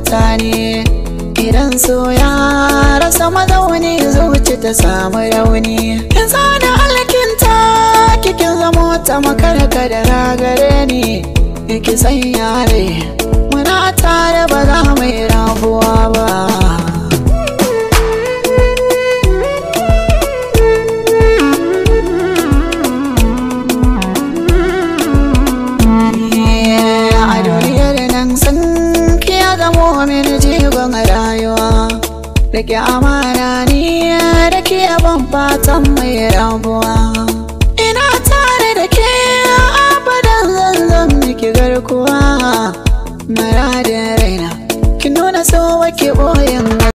tabbata ne idan so ya rasa mazauni zuci ta samu rauni in zana alkinta kikin zama ta makar da ragare ne ki zamo mini jigon rayuwa Rike amana ni da ke fatan mai rabuwa Ina tare da ke abadan zanzan miki garkuwa Maradin raina, ki nuna so wake boyin